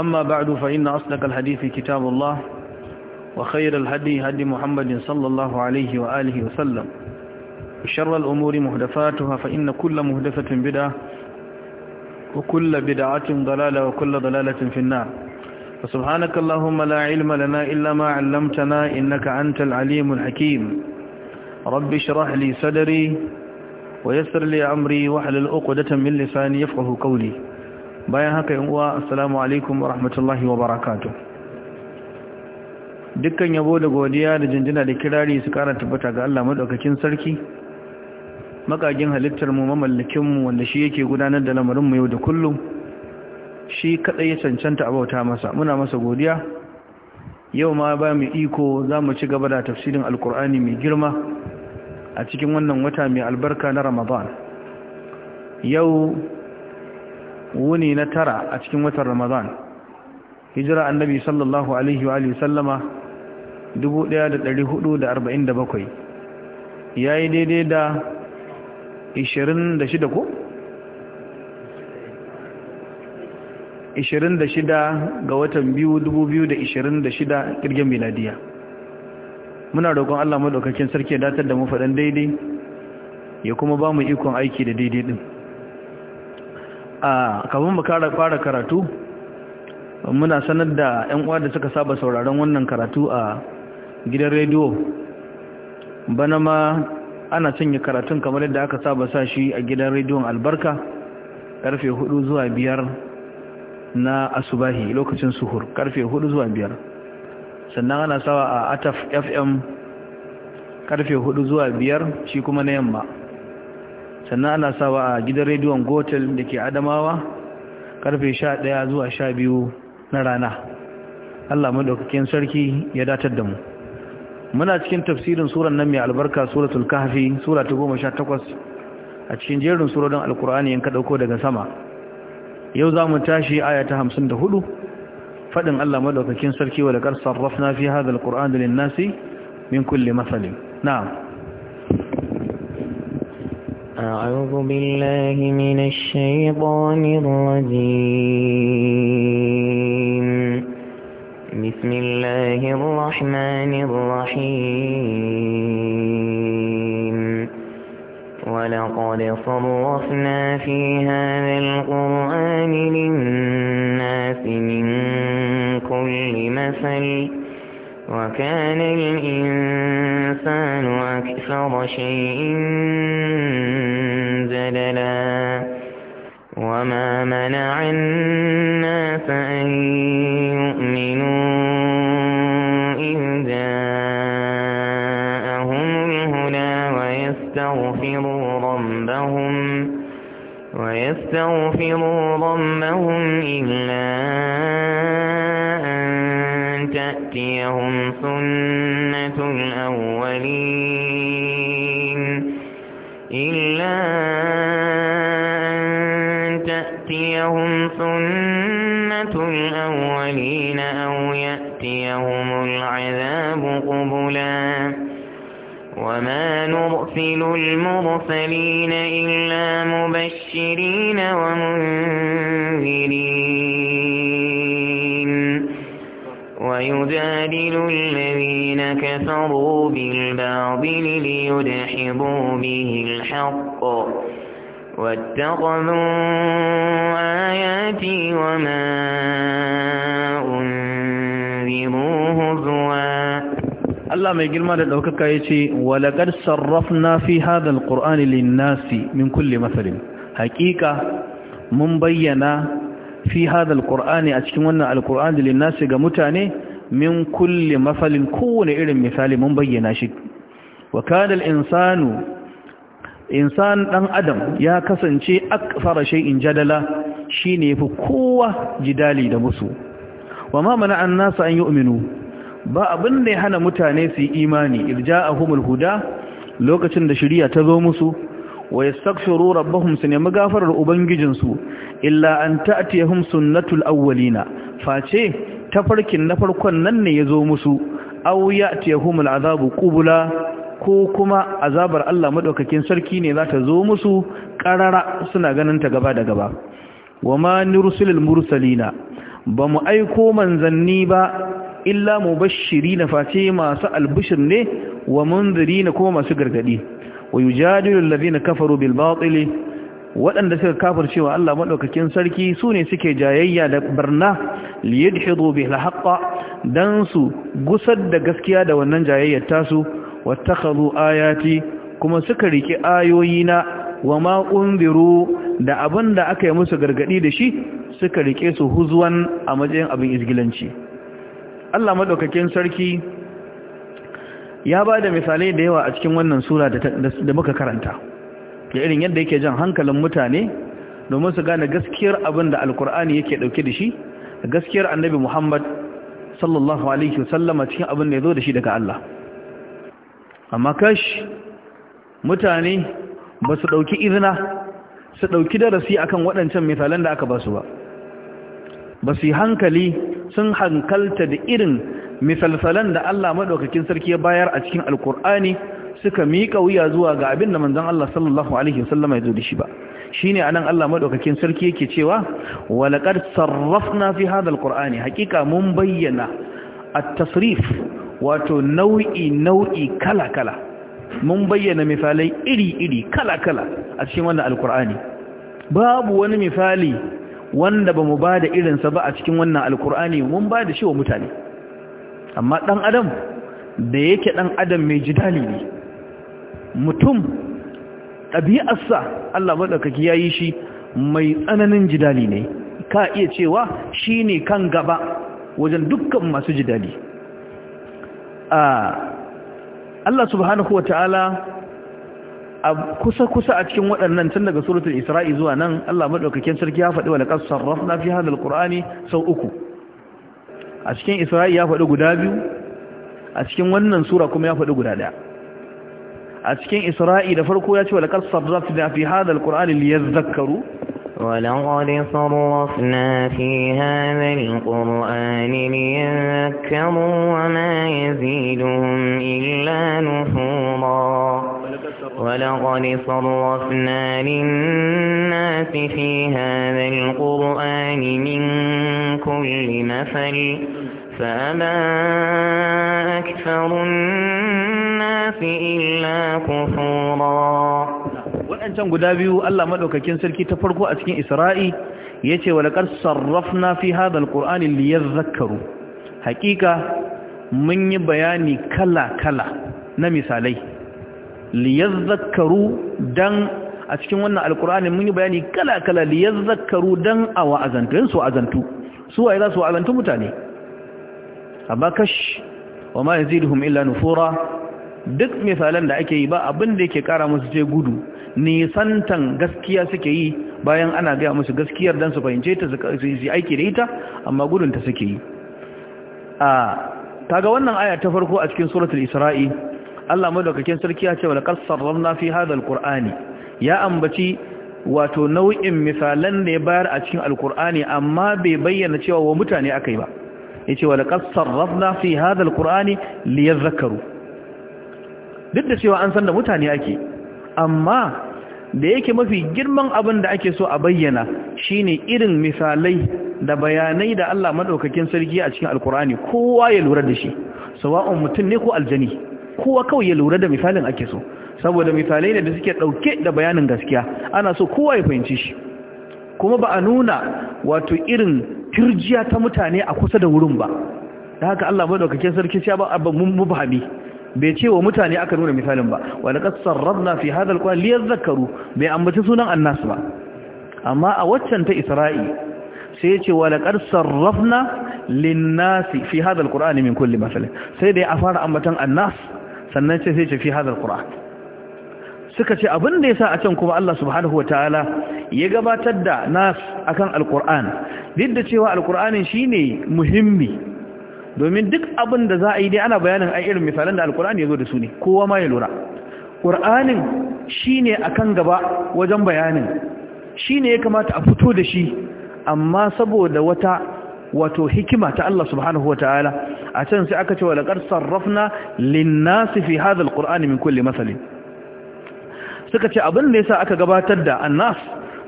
أما بعد فإن أصدق الحديث كتاب الله وخير الهدي هدي محمد صلى الله عليه وآله وسلم وشر الأمور مهدفاتها فإن كل مهدفة بدعة وكل بدعة ضلالة وكل ضلالة في النار فسبحانك اللهم لا علم لنا إلا ما علمتنا إنك أنت العليم الحكيم رب اشرح لي صدري ويسر لي أمري واحلل عقدة من لساني يفقه قولي bayan haka yin uwa assalamu alaikum wa rahmatullahi wa barakatu dukkan yabo da godiya da jinjina da kirari su kara tabbata ga Allah madaukakin sarki makagin halittar mu mamallakin mu wanda shi yake gudanar da lamarin mu yau da kullum shi kadai ya cancanta abauta masa muna masa godiya yau ma ba mu iko za mu ci gaba da tafsirin alkur'ani mai girma a cikin wannan wata mai albarka na ramadan yau wuni na tara a cikin watan ramadan hijira annabi sallallahu alaihi wa sallama 1447 ya yi daidai da 26 ko? 26 ga watan biyu 2026 kirgin miladiya muna roƙon Allah maɗaukakin sarki ya datar da mu daidai ya kuma ba mu ikon aiki da daidai ɗin a kafin mu fara karatu muna sanar da 'yan uwa da suka saba sauraron wannan karatu a gidan rediyo bana ma ana cinye karatun kamar yadda aka saba sa shi a gidan rediyon albarka karfe 4 zuwa 5 na asubahi lokacin suhur karfe 4 zuwa 5 sannan ana sawa a ataf fm karfe 4 zuwa biyar shi kuma na yamma sannan ana sawa a gidan rediyon gotel da ke adamawa karfe ɗaya zuwa biyu na rana Allah daukakin sarki ya datar da mu muna cikin tafsirin suran nan mai albarka suratul kahfi sura ta takwas a cikin jerin surorin alkur'ani yanka kaɗauko daga sama yau za mu tashi aya ta hudu. faɗin Allah madaukakin sarki wa laqad sarrafna fi hadha da lin-nasi min kulli masalin na'am أعوذ بالله من الشيطان الرجيم بسم الله الرحمن الرحيم ولقد صرفنا في هذا القرآن للناس من كل مثل وكان الإنسان أكثر شيء زللا وما منع الناس أن يؤمنوا إذ جاءهم الهدى ويستغفروا ربهم ويستغفروا ربهم إلا وما نرسل المرسلين إلا مبشرين ومنذرين ويجادل الذين كفروا بالباطل ليدحضوا به الحق واتخذوا آياتي وما Allah mai girma da ɗaukaka ya ce walaƙar sarrafna fi hadal ƙur'ani linnasi min kulle matsalin haƙiƙa mun bayyana fi hadal ƙur'ani a cikin wannan alƙur'ani linnasi ga mutane min kulle matsalin kowane irin misali mun bayyana shi wa kadal insanu insan ɗan adam ya kasance akfara in jadala shine fi kowa jidali da musu wa ma mana an nasa an yu'minu ba abin da ya hana mutane su yi imani humul huda lokacin da shiriya ta zo musu wa yastaghfiru rabbahum sun nemi gafarar ubangijinsu illa an ta'tiyahum sunnatul awwalina face tafarkin na farkon nan ne ya zo musu aw ya'tiyahumul azabu kubula ko kuma azabar Allah madaukakin sarki ne za ta zo musu karara suna ganin ta gaba da gaba wama nursilul mursalina mu aiko manzanni ba illa mubashiri na face masu albishir ne wa munziri na kuma masu gargadi wa yujadilu allazina kafaru bil waɗanda suka kafircewa Allah madaukakin sarki su ne suke jayayya da barna liyadhidu bil haqq dan su gusar da gaskiya da wannan jayayyar tasu wattakhadhu ayati kuma suka rike ayoyina wa ma unziru da abinda aka yi musu gargadi da shi suka rike su huzuwan a matsayin abin izgilanci Allah madaukakin sarki ya ba da misalai da yawa a cikin wannan sura da muka karanta da irin yadda yake jan hankalin mutane domin su gane gaskiyar abin da alkur'ani yake dauke da shi gaskiyar annabi muhammad sallallahu alaihi wasallama cikin abin da ya zo da shi daga Allah amma kash mutane ba su ɗauki izina su ɗauki darasi akan waɗancan misalan da aka ba su ba ba su yi hankali sun hankalta da irin misalsalan da Allah maɗaukakin sarki ya bayar a cikin alkur'ani suka miƙa wuya zuwa ga abin da manzon Allah sallallahu alaihi wasallam ya zo da shi ba a anan Allah maɗaukakin sarki yake cewa walaqad sarrafna fi hadal alqur'ani hakika mun bayyana a tasrif wato nau'i nau'i kala kala mun bayyana misalai iri iri kala kala a cikin wannan Alƙur'ani babu wani misali wanda ba mu ba da irinsa ba a cikin wannan alkur'ani mun ba da shi wa mutane amma ɗan adam da yake ɗan adam mai jidali ne mutum ɗabi'arsa Allah maɗaukaki ya yi shi mai tsananin jidali ne ka iya cewa shi ne kan gaba wajen dukkan masu jidali ah, Allah subhanahu wa ta'ala kusa-kusa a cikin waɗannan tun daga suratul isra'i zuwa nan Allah maɗaukakin sarki ya faɗi wa laƙar sarrafna fi hada alƙur'ani sau uku a cikin isra'i ya faɗi guda biyu a cikin wannan sura kuma ya faɗi guda ɗaya a cikin isra'i da farko ya ce wa laƙar sarrafna fi hada alƙur'ani liyar zakaru ولقد صرفنا في هذا القرآن ليذكروا وما يزيدهم إلا نفورا ولقد صرفنا للناس في هذا القرآن من كل مثل فأبى أكثر الناس إلا كفورا waɗancan guda biyu Allah maɗaukakin sarki ta farko a cikin Isra'i ce wa laqad sarrafna fi Alƙur'ani liyar zakaru. haƙiƙa mun yi bayani kala kala na misalai liyar zakaru dan a cikin wannan Alƙur'ani mun yi bayani kala kala liyar zakaru dan a wa'azantu. su azantu su waye za su wa'azantu mutane wa illa nufura duk misalan da ake yi ba abin da yake kara musu sai gudu nisantan gaskiya suke yi bayan ana gaya musu gaskiyar don su fahimce ta su aiki da ita amma gudunta suke yi a ga wannan aya ta farko a cikin suratul isra'i Allah madaukakin sarki ya ce ƙasar sarrafna fi hadha alqur'ani ya ambaci wato nau'in misalan da bayar a cikin Alƙur'ani amma bai bayyana cewa wa mutane yi ba yace walaqad sarrafna fi hadha alqur'ani liyadhakkaru duk da cewa an san da mutane ake amma da yake mafi girman abin da ake so a bayyana shine irin misalai da bayanai da Allah madaukakin sarki a cikin alkurani kowa ya lura da shi sawa'un mutum ne ko aljani kowa kawai ya lura da misalin ake so saboda misalai ne da suke ɗauke da bayanin gaskiya ana so kowa ya fahimci shi kuma ba a nuna wato irin turjiya ta mutane a kusa da wurin ba da haka Allah madaukakin sarki ya ba abin mubhami bai ce wa mutane aka nuna misalin ba wani kasar rabna fi hadal kwan liyar zakaru bai ambaci sunan annas ba amma a waccan ta isra'i sai ce wani kasar rabna linnasi fi hadal kur'ani min kulli masalin sai dai a fara ambatan annas sannan ce sai ce fi hadal kur'an suka ce abin da ya sa a can kuma Allah subhanahu wa ta'ala ya gabatar da nas akan alkur'an duk da cewa alkur'anin shine muhimmi domin duk abin da za a yi dai ana bayanin ai irin misalan da alkur'ani ya zo da su ne kowa ma ya lura ƙur'anin shi ne a kan gaba wajen bayanin shi ne ya kamata a fito da shi amma saboda wata wato hikima ta Allah subhanahu wa ta'ala a can sai aka ce wa laƙar sarrafna linnasi fi hada ƙur'ani min kulle matsali suka ce abin da ya sa aka gabatar da annas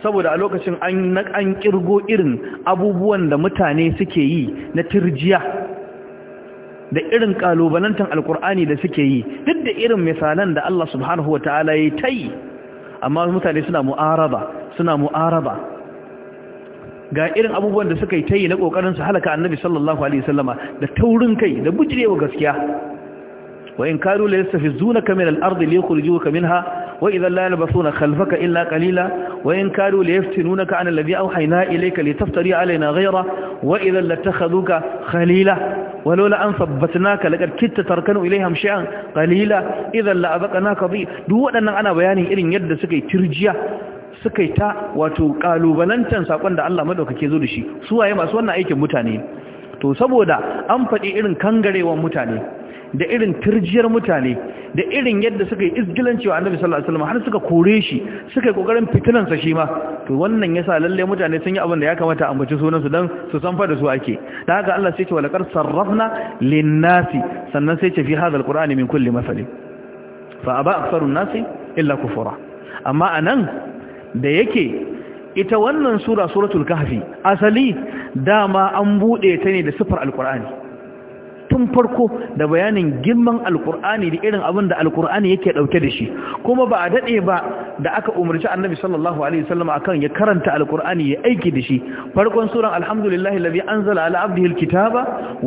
saboda a lokacin an kirgo irin abubuwan da mutane suke yi na tirjiya da irin kalubalantan alkur'ani da suke yi duk da irin misalan da Allah subhanahu wa ta'ala ya ta yi amma mutane suna mu'araba suna mu'araba ga irin abubuwan da suka yi ta na kokarin su halaka annabi sallallahu alaihi wasallama da taurin kai da bujirewa gaskiya wa in kanu la yastafizunaka min al-ardi li yukhrijuka minha wa idan la yalbasuna khalfaka illa qalila wa in kadu li yaftinunaka an alladhi awhayna ilayka litaftari alaina ghayra wa idan latakhaduka khalila ولولا أن ثبتناك لقد كدت تركنوا إليهم شيئا قليلا إذا لأذقناك ضيء Duk waɗannan ana bayani irin yadda suka yi turjiya suka yi ta wato kalubalantan sakon da Allah madaukake zo da shi su waye masu wannan aikin mutane to saboda an faɗi irin kangarewan mutane da irin turjiyar mutane da irin yadda suka yi izgilancewa annabi sallallahu alaihi wasallam har suka kore shi suka yi kokarin fitinan sa shi ma to wannan yasa lalle mutane sun yi abin da ya kamata a ambaci sunan su dan su san fa da su ake dan haka Allah sai ce laqad sarrafna lin-nasi sannan sai ce fi hadha al-qur'ani min kulli masal fa aba aktharu nasi illa kufura amma anan da yake ita wannan sura suratul kahfi asali dama an bude ta ne da sifar alqur'ani tun farko da bayanin girman alkur'ani da irin abin da alkur'ani yake dauke da shi kuma ba a dade ba da aka umarci annabi sallallahu alaihi wasallam akan ya karanta alkur'ani ya aiki da shi farkon suran alhamdulillahi alladhi anzala ala abdihi alkitaba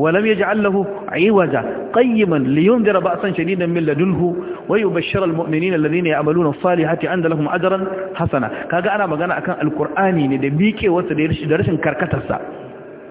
wa lam yaj'al lahu iwaja qayyiman liyundira ba'san shadidan min ladunhu wa yubashshira almu'minina alladhina ya'maluna as-salihati 'inda lahum ajran hasana kaga ana magana akan alkur'ani ne da miƙewarsa da rashin karkatarsa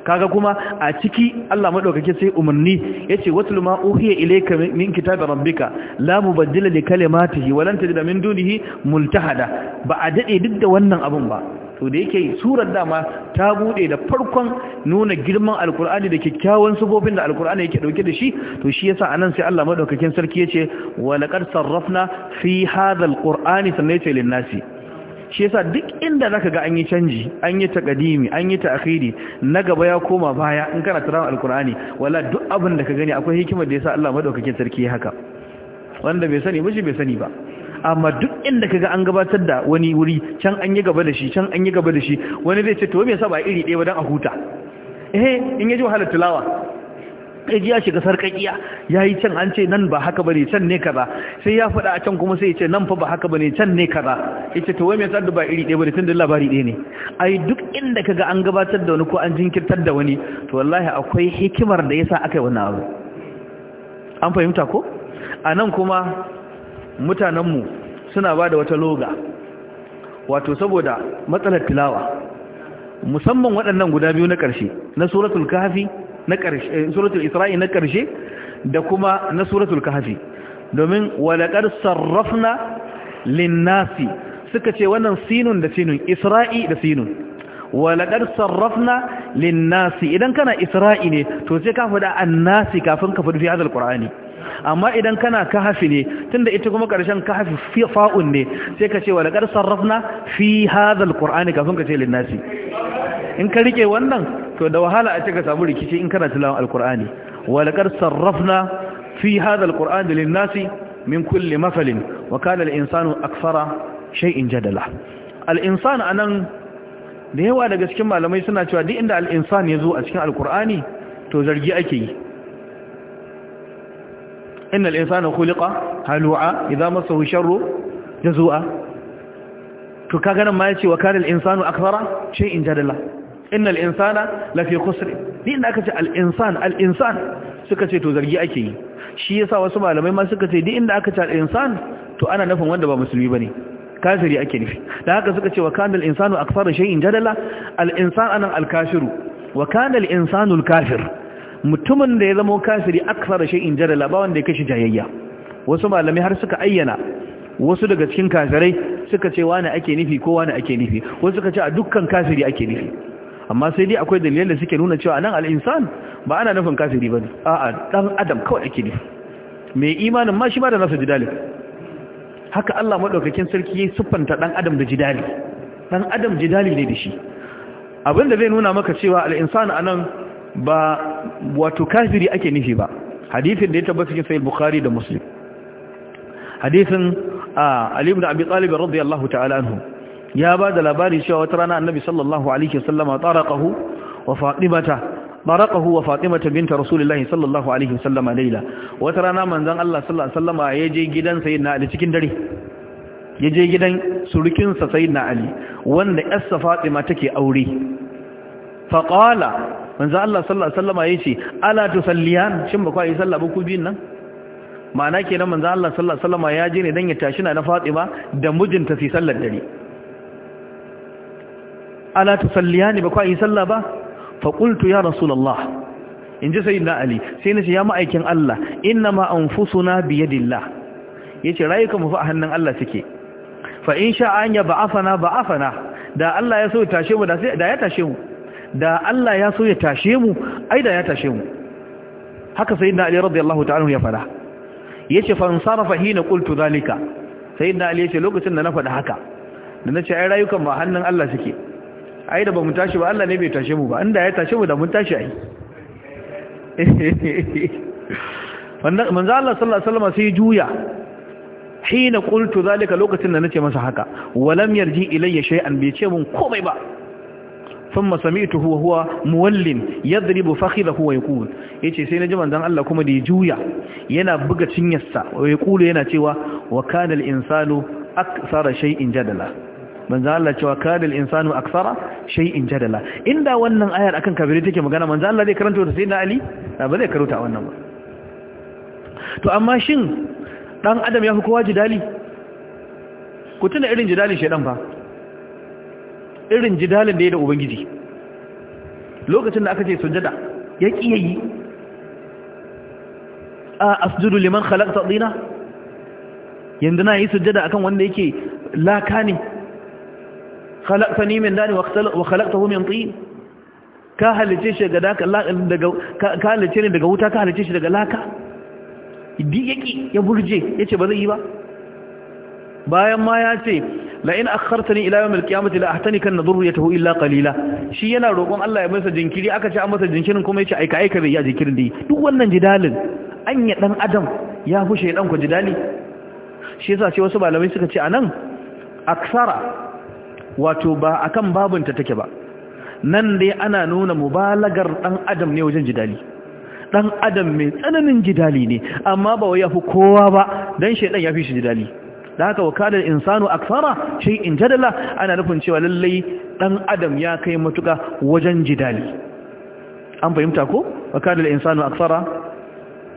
kaga kuma a ciki Allah madaukake sai umarni yace watul ma uhiya ilayka min kitabi rabbika la mubaddila li kalimatihi walan tajida min dunihi multahada ba a dade duk da wannan abun ba to da yake surar dama ta bude da farkon nuna girman alkur'ani da kyakkyawan sufofin da alkur'ani yake dauke da shi to shi yasa anan sai Allah madaukakin sarki yace wa laqad sarrafna fi hadha alqur'ani sannan yace lin nasi shi yasa duk inda zaka ga an yi canji an yi taqdimi an yi ta'khiri na gaba ya koma baya in kana tarawa alqur'ani wala duk abin da ka gani akwai hikimar da yasa Allah madaukakin sarki haka wanda bai sani ba bai sani ba amma duk inda kaga an gabatar da wani wuri can an yi gaba da shi can an yi gaba da shi wani zai ce to me yasa ba iri ɗaya ba dan a huta eh in yaji wahalar tilawa kaji ya shiga sarkakiya yi can an ce nan ba haka bane can ne kaza sai ya faɗa a can kuma sai ya ce nan fa ba haka bane can ne kaza ce tawai wai me da ba iri ɗaya ba tun tunda labari ɗaya ne ai duk inda kaga an gabatar da wani ko an jinkirtar da wani to wallahi akwai hikimar da yasa aka yi wannan abu an fahimta ko a nan kuma mutanenmu suna ba da wata loga wato saboda matsalar tilawa musamman waɗannan guda biyu na ƙarshe na suratul kafi na ƙarshe eh, suratul isra'i na ƙarshe da kuma na suratul kahfi domin walaqad sarrafna linnasi suka ce wannan sinun da sinun isra'i da sinun walaqad sarrafna linnasi idan kana isra'i ne to sai ka fada annasi kafin ka fadi fi hadal qur'ani amma idan kana kahfi ne tunda ita kuma ƙarshen kahfi fi fa'un ne sai ka ce walaqad sarrafna fi hadal qur'ani kafin ka ce linnasi in ka rike wannan to da wahala a ce ka samu rikici in kana tilawan alkur'ani walakar sarrafna fi hada alkur'an da linnasi min kulle mafalin wa kana al'insanu aksara shay'in jadala a nan da yawa daga cikin malamai suna cewa duk inda al'insan ya zo a cikin alkur'ani to zargi ake yi inna al'insanu khuliqa halu'a idza masahu sharru zuwa. to kaga nan ma yace wa kana al-insanu akthara shay'in jadala innal insana lafi khusr ni inda aka ce al insan al insan suka ce to zargi ake yi shi yasa wasu malamai ma suka ce duk inda aka ce al insan to ana nufin wanda ba musulmi bane kafiri ake nufi da haka suka ce wa kana al insanu akthara shay'in jadala al insan anan al kafiru wa kana al insanu al kafir mutumin da ya zama kafiri akthara shay'in jadala ba wanda ya kashi jayayya wasu malamai har suka ayyana wasu daga cikin kafirai suka ce wani ake nufi ko wani ake nufi wasu suka ce a dukkan kafiri ake nufi amma sai dai akwai dalilan da suke nuna cewa nan al'insan ba ana nufin kafiri ba a'a dan adam kawai ake ne mai imanin ma shi ma da nasa jidali haka Allah maɗaukakin sarki ya siffanta dan adam da jidali dan adam jidali ne da shi abin da zai nuna maka cewa al'insan a nan ba wato kafiri ake nufi ba hadithin da ya tabbata cikin sahih bukhari da muslim hadithin ali ibn abi talib radiyallahu ta'ala anhu ya ba da labari cewa wata rana annabi sallallahu alaihi wasallama taraqahu wa fatimata barakahu wa fatimata binta rasulullahi sallallahu alaihi wasallama laila wata rana manzon Allah sallallahu alaihi wasallama ya je gidan sayyidina Ali cikin dare ya je gidan surukinsa sayyidina Ali wanda yarsa fatima take aure fa qala manzon Allah sallallahu alaihi wasallama yace ala tusalliyan shin ba yi sallah ba ku biyin nan ma'ana kenan manzon Allah sallallahu alaihi wasallama ya je ne dan ya tashi na fatima da mijinta su sallar dare ala tusalliyani ba kwa yi sallah ba fa qultu ya rasulullah in ji sayyidina ali sai nace ya ma'aikin Allah inna ma anfusuna bi yadillah yace rayukan mu fa hannun Allah suke fa in sha an ya ba'afana ba'afana da Allah ya so ya tashe mu da ya tashe mu da Allah ya so ya tashe mu ai da ya tashe mu haka sayyidina ali radiyallahu ta'ala ya fada yace fa ansarafa hina qultu zalika sayyidina ali yace lokacin da na fada haka da nace ai rayukan ba a hannun Allah suke ai da ba mu tashi ba Allah ne bai tashi mu ba inda ya tashi mu da mun tashi ai manzo Allah sallallahu alaihi wasallam sai juya hina qultu zalika lokacin da nace masa haka walam yarji ilayya shay'an bai ce mun komai ba thumma sami'tuhu wa huwa muwallin yadribu fakhidahu wa yaqul yace sai naji manzo Allah kuma da ya juya yana buga cinyarsa wa yaqulu yana cewa wa kana al-insanu akthara shay'in jadala manzo Allah cewa kadil insanu aksara shay'in jadala inda wannan ayar akan kabiri take magana manzo Allah zai karanta ta sayyidina Ali ba zai karanta wannan ba to amma shin dan adam ya fi kowa jidali ku tuna irin jidalin shedan fa irin jidalin da ya da ubangiji lokacin da aka ce sujada ya kiyayi a asjudu liman khalaqta dina yanda na yi sujada akan wanda yake laka ne khalaqtani min dani wa khalaqtahu min tin ka halice shi daga ka halice ne daga wuta ka halice shi daga laka di yaki ya burje yace ba zai yi ba bayan ma ya ce la in akhartani ila yawm al-qiyamati la ahtanikan dhurriyatahu illa qalila shi yana roƙon Allah ya masa jinkiri aka ce an masa jinkirin kuma yace aika aika bai ya jinkirin da yi duk wannan jidalin anya dan adam ya fushe dan ku jidali shi yasa ce wasu malamai suka ce anan aksara wato ba akan babinta take ba nan dai ana nuna mubalagar dan adam ne wajen jidali dan adam mai tsananin jidali ne amma ba wai yafi kowa ba dan shedan yafi shi jidali da haka wakalar insanu aksara shi in jadala ana nufin cewa lallai dan adam ya kai matuka wajen jidali an fahimta ko wakalar insanu aksara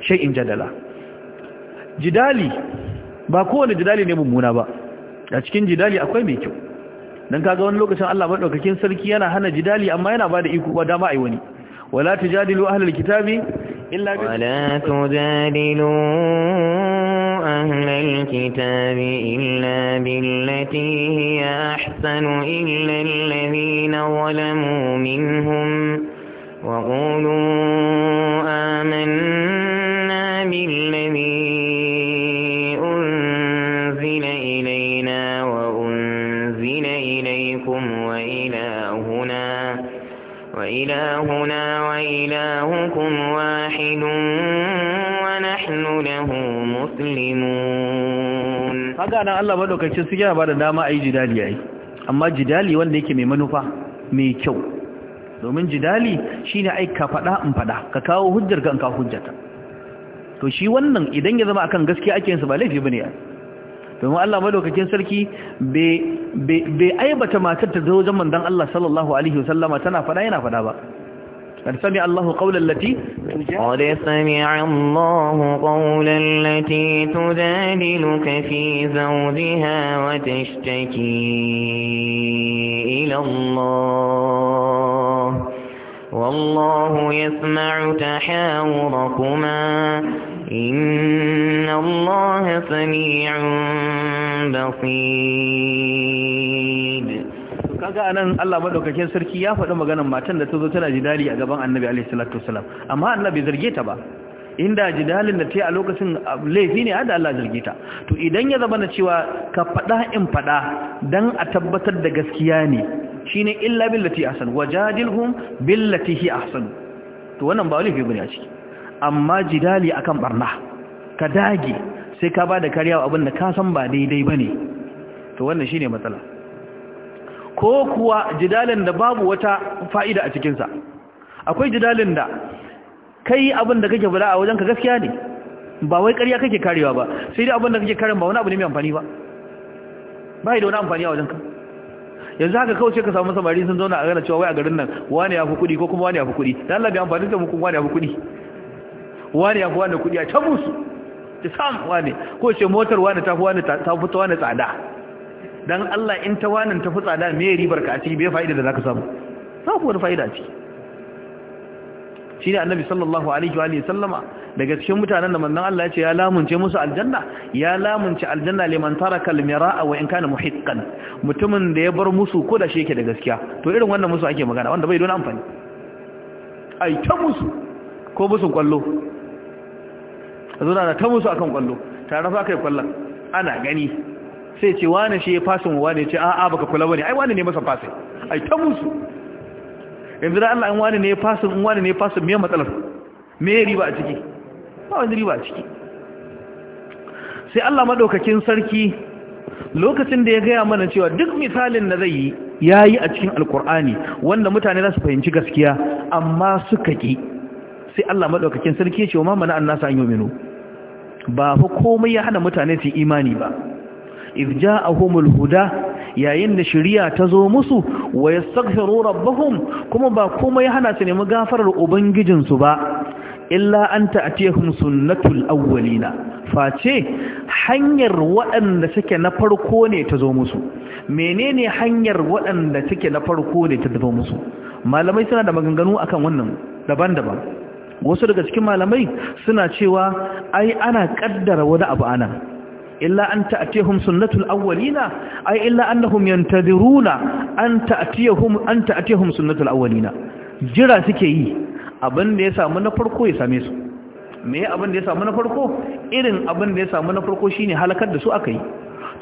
shi in jadala jidali ba kowane jidali ne mummuna ba a cikin jidali akwai mai kyau dan kaga wani lokacin Allah madaukakin sarki yana hana jidali amma yana bada iko ba dama ai wani wala tujadilu ahlul kitabi illa bi wala tujadilu ahlul kitabi illa billati hiya ahsanu illa alladhina zalamu minhum wa qulu amanna إلهنا وإلهكم na ونحن له مسلمون kaga nan Allah madaukakin su yana bada dama ayi jidali yayi amma jidali wanda yake mai manufa mai kyau domin jidali shine ai ka fada in fada ka kawo hujjar in ka hujjata to shi wannan idan ya zama akan gaskiya ake yin sa ba laifi bane domin Allah madaukakin sarki bai aibata matar ta zo wajen mandan Allah sallallahu alaihi wasallama tana fada yana fada ba قد سمع الله قول التي قد سمع الله قول التي تجادلك في زوجها وتشتكي إلى الله والله يسمع تحاوركما إن الله سميع بصير kaga anan Allah madaukakin sarki ya faɗi maganar matan da ta zo tana jidali a gaban Annabi alaihi salatu wasalam amma Allah bai zarge ta ba inda jidalin da ta yi a lokacin laifi ne da Allah zarge ta to idan ya zama na cewa ka faɗa in faɗa dan a tabbatar da gaskiya ne Shi ne illa billati ahsan wajadilhum billati hi ahsan to wannan ba walifi bane a ciki amma jidali akan barna ka dage sai ka bada kariya abin da ka san ba daidai ba ne, to wannan shi ne matsala ko kuwa jidalin da babu wata fa'ida a cikinsa, akwai jidalin da kai abin da kake bada a wajen ka gaskiya ne ba wai ƙarya kake karewa ba sai dai abin da kake karin ba wani abu ne mai amfani ba ba da wani amfani a wajen ka yanzu haka kawai ka samu samari sun zauna a gana cewa wai a garin nan wani ya fi kuɗi ko kuma wani ya fi kuɗi da Allah bai amfani da mu wani ya fi kuɗi wani ya fi wani kuɗi a can musu ta sam wani ko ce motar wani ta fi wani ta fi ta wani tsada dan Allah in ta wani ta fi tsada me ribar ka a ciki me fa'ida da zaka samu za ku wani fa'ida a ciki shi ne annabi sallallahu alaihi wa sallama daga cikin mutanen da manzon Allah ya ce ya lamunce musu aljanna ya lamunce aljanna liman taraka almira'a wa in kana muhiqqan mutumin da ya bar musu ko da shi yake da gaskiya to irin wannan musu ake magana wanda bai dona amfani ai ta musu ko musu kwallo azuna da ta musu akan kwallo tare fa kai kwallon ana gani sai ce wani shi ya fasin wani ce a'a baka kula bane ai wani ne masa fasin ai ta musu yanzu da Allah in wani ne ya fasa in wani ne ya fasin me matsalar me riba a ciki ba wani riba ciki sai Allah madaukakin sarki lokacin da ya gaya mana cewa duk misalin da zai yi ya yi a cikin alkur'ani wanda mutane za su fahimci gaskiya amma suka ƙi sai Allah maɗaukakin sarki ya ce wa mamana an nasa an yi ba fa komai ya hana mutane su imani ba ja a homul huda yayin da shirya ta zo musu wa ya rabbahum kuma ba komai ya hana su nemi gafarar ubangijinsu ba illa an ta'atihum sunnatul awwalina face hanyar waɗanda suke na farko ne ta zo musu menene hanyar waɗanda suke na farko ne ta zo musu malamai suna da maganganu akan wannan daban-daban wasu daga cikin malamai suna cewa ai ana kaddara wani abu ana. illa an ta'atihum sunnatul awwalina ai illa annahum yantadiruna an ta'atihum an ta'atihum sunnatul awwalina jira suke yi abin da ya samu na farko ya same su me abin da ya samu na farko irin abin da ya samu na farko shine halakar da su aka yi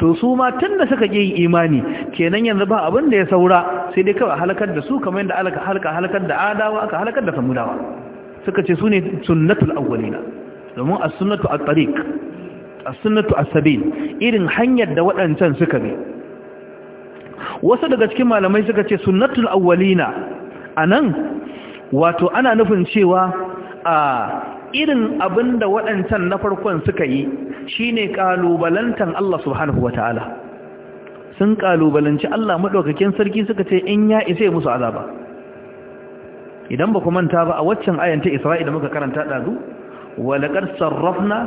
to su ma tun da suka yi imani kenan yanzu ba abin da ya saura sai dai kawai halakar da su kamar yadda alaka halaka halakar da adawa aka halakar da samudawa suka ce su ne sunnatul awwalina domin as-sunnatu at-tariq as-sunnatu as-sabil irin hanyar da waɗancan suka bi wasu daga cikin malamai suka ce sunnatul awwalina anan wato ana nufin cewa a irin abin da waɗancan na farkon suka yi shine ƙalubalantan Allah subhanahu wata'ala sun ƙalubalanci Allah maɗaukakin sarki suka ce in ya isa musu azaba idan ba ku manta ba a waccan ayanta Isra'ila muka karanta ɗazu walaƙar sarrafna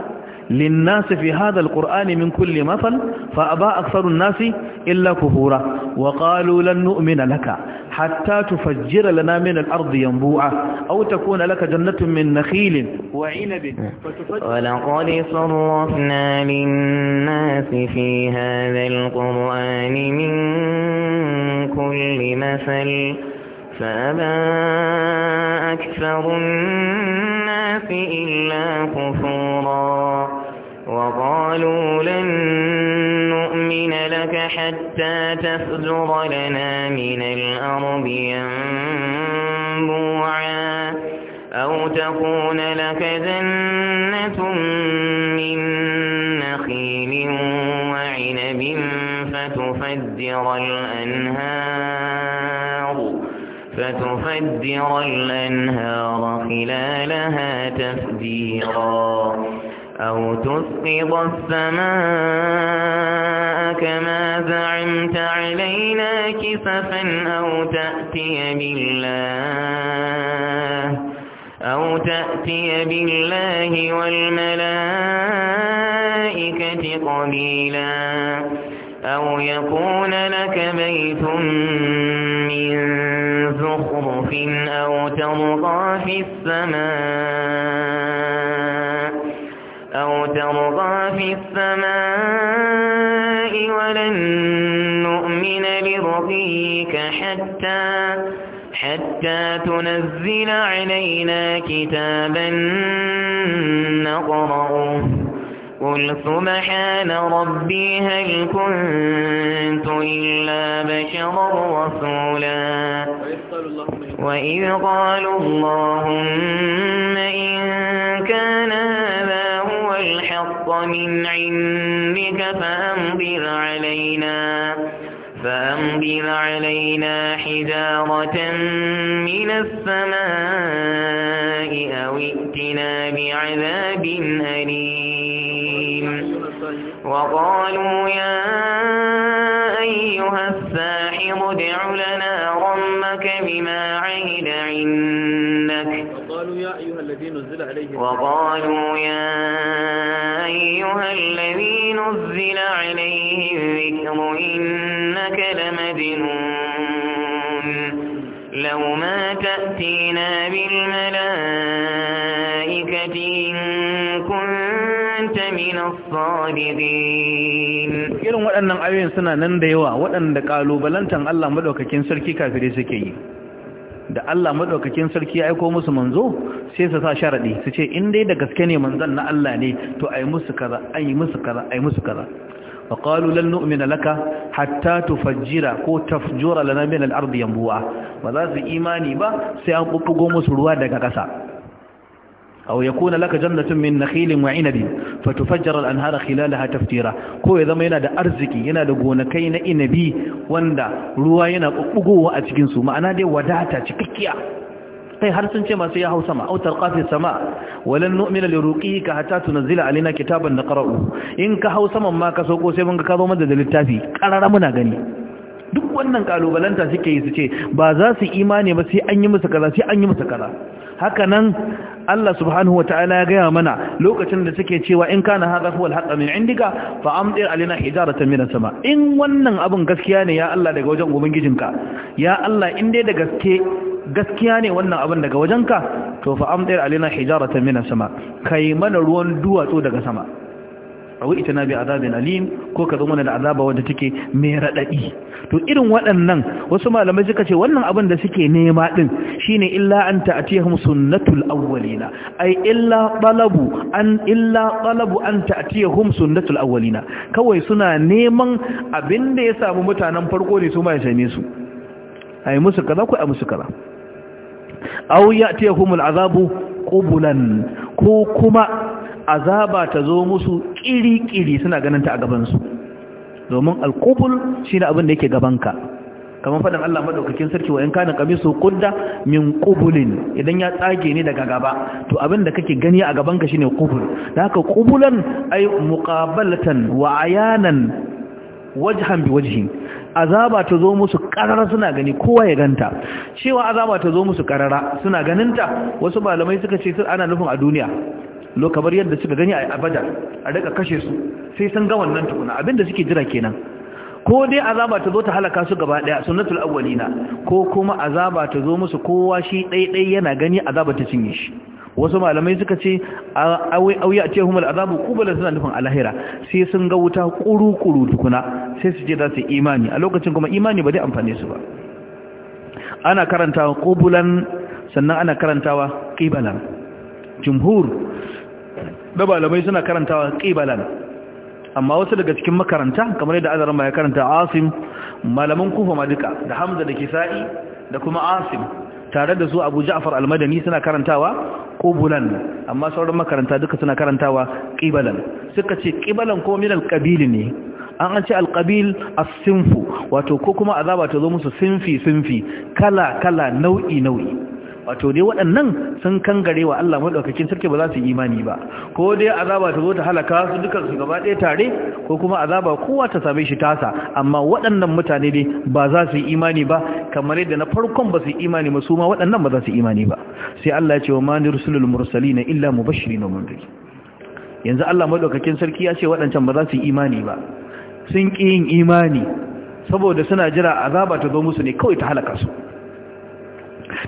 fi hadal هذا القرآن من كل مثل فأبى أكثر الناس illa kuhura wa لن نؤمن لك حتى تفجر لنا من الأرض ينبوعا أو تكون لك جنة من نخيل وعنب نعم. ولقد صرفنا للناس في هذا القرآن من كل مثل فأبى أكثر الناس إلا كفورا وقالوا لن نؤمن لك حتى تفجر لنا من الأرض ينبوعا أو تكون لك جنة من نخيل وعنب فتفجر الأنهار فتفجر الأنهار خلالها تفجيرا أو تسقط السماء كما زعمت علينا كسفا أو تأتي بالله أو تأتي بالله والملائكة قبيلا أو يكون لك بيت من زخرف أو ترضى في السماء في السماء ولن نؤمن لربيك حتى حتى تنزل علينا كتابا نقرأه قل سبحان ربي هل كنت إلا بشرا رسولا وإذ قالوا اللهم من عندك فأمطر علينا فأمطر علينا حجارة من السماء أو ائتنا بعذاب أليم وقالوا يا أيها الساحر ادع لنا ربك بما عهد عندك وقالوا يا أيها الذي نزل عليه وقالوا يا نزل عليه الذكر إنك لمجنون لو ما تأتينا بالملائكة إن كنت من الصادقين irin waɗannan ayoyin suna nan da yawa waɗanda ƙalubalantan Allah madaukakin sarki kafin kafirai suke yi da Allah maɗaukakin sarki ya aiko musu manzo sai su sa sharaɗi su ce in dai da gaske ne manzon na Allah ne to a musu kaza فقالوا لن نؤمن لك حتى تفجر كو تفجر لنا من الأرض ينبوعا وذا في إيماني با سيأقبقوا مسروا دك قسا أو يكون لك جنة من نخيل وعنب فتفجر الأنهار خلالها تفتيرا كو إذا ما ينادى أرزكي ينادى قونكين إنبي واندا روا ينادى أقبقوا أتكنسوا معنا دي وداتا تككيا sai har sun ce masu ya hau sama autar kafi sama walan nu'mina li ka hatta tunzila alaina kitaban naqra'u in ka hau saman ma ka soko sai mun ga ka zo da littafi karara muna gani duk wannan kalubalanta suke yi su ce ba za su imani ba sai an yi musu kaza sai an yi musu kaza haka nan Allah subhanahu wataala ya gaya mana lokacin da suke cewa in kana haka huwa al min indika fa amdir alina hijaratan min as-sama in wannan abun gaskiya ne ya Allah daga wajen ubangijinka ya Allah in dai da gaske gaskiya ne wannan abin daga wajenka to fa amdir alina hijaratan min as-sama kai mana ruwan duwatsu daga sama awi ita na bi azabin alim ko ka zama mana da azaba wanda take mai radadi to irin waɗannan wasu malamai suka ce wannan abin da suke nema din shine illa an ta'tihum sunnatul awwalina ai illa talabu an illa talabu an ta'tihum sunnatul awwalina kawai suna neman abin da ya samu mutanen farko ne su ma ya same su ai musu kaza ko ai musu kaza aw ya'tihum al'azabu qubulan ko kuma azaba ta zo musu kiri-kiri suna ganin ta a gabansu domin alkubul shi ne abin da yake gabanka kamar faɗin Allah maɗaukakin sarki wa ‘yan kanin kamisu kudda min kubulin idan ya tsage ne daga gaba to abin da kake gani a gabanka shi ne kubul da haka kubulan ai muƙabalatan wa ayanan wajhan bi wajhi azaba ta zo musu suna gani kowa ya ganta cewa azaba ta zo musu karara suna ganinta wasu malamai suka ce ana nufin a duniya lo yadda suka gani a abada a daga kashe su sai sun ga wannan tukuna abinda suke jira kenan ko dai azaba ta zo ta halaka su gaba daya sunnatul awwalina ko kuma azaba ta zo musu kowa shi dai yana gani azaba ta cinye shi wasu malamai suka ce auya a humul azabu kubala suna nufin alahira sai sun ga wuta kuru-kuru tukuna sai su je za su imani a lokacin kuma imani ba zai amfane su ba ana karantawa kubulan sannan ana karantawa kibalan jumhur da malamai suna karantawa kibalan amma wasu daga cikin makaranta kamar yadda ma ya karanta asim malaman kufa madika da hamza da kisa'i da kuma asim tare da su abu ja'far almadani suna karantawa qubulan amma sauran makaranta duka suna karantawa qibalan suka ce ƙibalan ko min alqabil ne an an ce alqabil as-sinfu wato ko kuma azaba ta zo musu sinfi sinfi kala kala nau'i nau'i wato dai waɗannan sun kangare wa Allah madaukakin sarki ba za su imani ba ko dai azaba ta zo ta halaka su dukan su gaba ɗaya tare ko kuma azaba kowa ta same shi tasa amma waɗannan mutane dai ba za su imani ba kamar yadda na farkon ba su yi imani ba su ma waɗannan ba za su imani ba sai Allah ya ce wa ma rusulul mursalina illa mubashirin wa mundirin yanzu Allah madaukakin sarki ya ce waɗancan ba za su yi imani ba sun ƙi yin imani saboda suna jira azaba ta zo musu ne kawai ta halaka su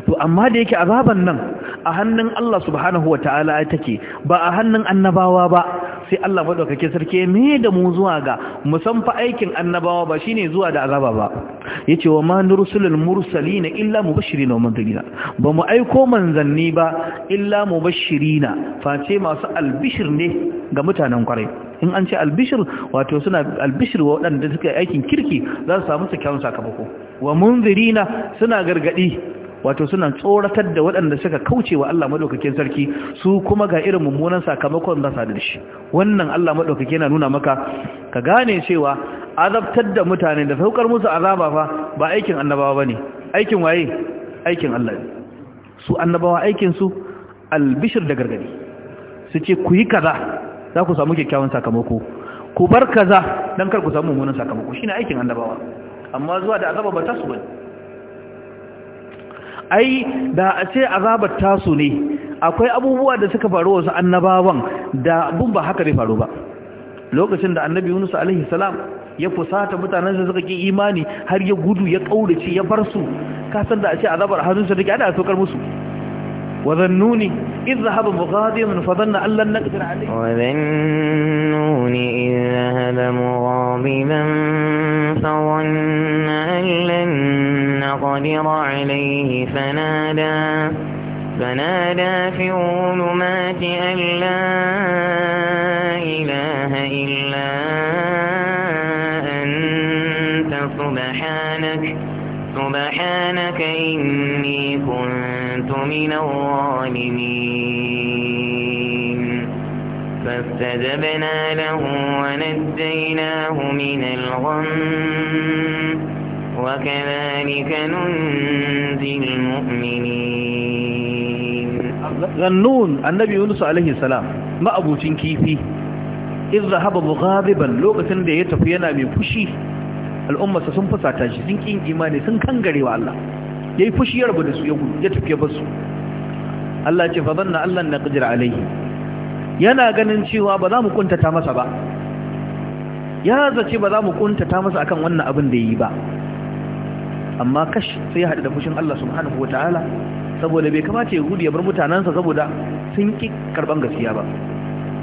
to amma da yake azaban nan a hannun Allah subhanahu wa ta'ala take ba a hannun annabawa ba sai Allah madaukake sarki me da mu zuwa ga musan fa aikin annabawa ba shine zuwa da azaba ba yace wa ma nursulul mursalina illa mubashirin wa mundhirina ba mu aiko manzanni ba illa fa face masu albishir ne ga mutanen kwarai in an ce albishir wato suna albishir wa waɗanda suka aikin kirki za su samu su kyan sakamako wa munzirina suna gargadi wato suna tsoratar da waɗanda suka kauce wa Allah maɗaukakin sarki su kuma ga irin mummunan sakamakon za su da shi wannan Allah maɗaukakin yana nuna maka ka gane cewa azabtar da mutane da saukar musu azaba fa ba aikin annabawa ba ne. aikin waye aikin Allah su annabawa aikin su albishir da gargadi su ce ku yi kaza za ku samu kyakkyawan sakamako ku bar kaza dan kar ku samu mummunan sakamako shine aikin annabawa amma zuwa da azaba ba ta su ne ai da a ce azabar tasu ne akwai abubuwa da suka faru wasu annabawan da bun ba haka bai faru ba lokacin da annabi Yunus alaihi salam ya fusata mutanen sa suka ki imani har ya gudu ya kaurace ya bar su kasan da a ce azabar hannunsa take ada a sokar musu وذنوني إذ ذهب مغاضبا فظن أن لن نقدر عليه وذنوني إذ ذهب مغاضبا فظن أن لن نقدر عليه فنادى فنادى في الظلمات أن لا إله إلا أنت سبحانك سبحانك إني كنت كنت من الظالمين فاستجبنا له ونجيناه من الغم وكذلك ننزي المؤمنين غنون النبي يونس عليه السلام ما أبو تنكي فيه إذ ذهب مغاضبا لوقة da ya tafi yana mai fushi al'ummarsa sun fusata shi yi fushi ya rabu da su ya gudu ba su Allah ce fa na Allah na qadir alaihi yana ganin cewa ba za mu kuntata masa ba ya zace ba za mu kuntata masa akan wannan abin da ya yi ba amma kash sai ya haɗu da fushin Allah subhanahu ta'ala saboda bai kamata ya gudu ya bar mutanensa saboda sun ƙi karban gaskiya ba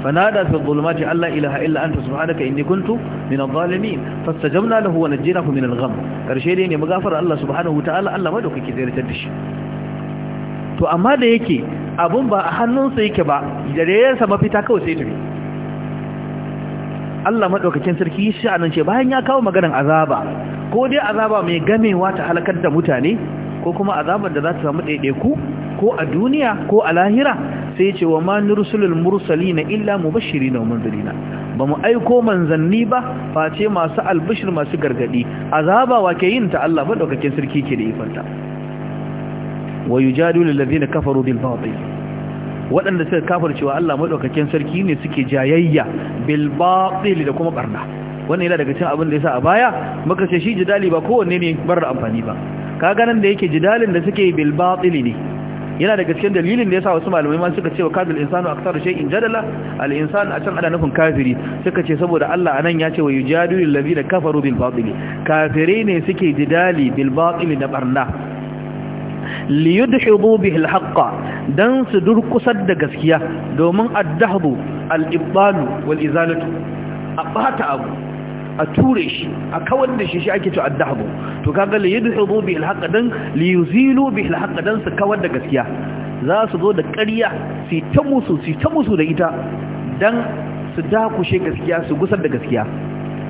فنادى في الظلمات أن لا إله إلا أنت سبحانك إني كنت من الظالمين فاستجبنا له ونجيناه من الغم كرشيدين يمغافر الله سبحانه وتعالى الله مدوك كثير تدش تو amma da yake abun ba a hannunsa yake ba jareyarsa mafita kawai sai tafi Allah madaukakin sarki shi anan ce bayan ya kawo maganar azaba ko dai azaba mai gamewa ta halakar da mutane ko kuma azabar da za ta samu ɗaiɗaiku ko a duniya ko a lahira sai ce wa ma nursulul na illa mubashirin wa munzirina ba mu aiko manzanni ba face masu albishir masu gargadi azaba wa ke yin ta Allah ba daukakin sarki ke da ifanta wa yujadilu alladhina kafaru bil batil waɗanda suka cewa Allah madaukakin sarki ne suke jayayya bil batil da kuma barna wannan yana daga cin abin da yasa a baya muka ce shi jidali ba kowanne ne bar amfani ba ka nan da yake jidalin da suke bil batil ne yana da cikin dalilin da yasa wasu malamai ma suka ce wa kabil insanu aktaru shay'in jadala al insan a can ana nufin kafiri suka ce saboda Allah anan ya ce wa yujadilu allazina kafaru bil batil kafirai ne suke jidali bil batil da barna li yudhibu bihi al haqq dan su durkusar da gaskiya domin addahbu al ibtalu wal izalatu abata abu a ture shi a kawar da shi shi ake cewa addahabu to kaga la yadhubu bi alhaqdan li yuzilu bi alhaqdan su kawar da gaskiya za su zo da ƙarya su ta musu su ta musu da ita dan su dakushe gaskiya su gusar da gaskiya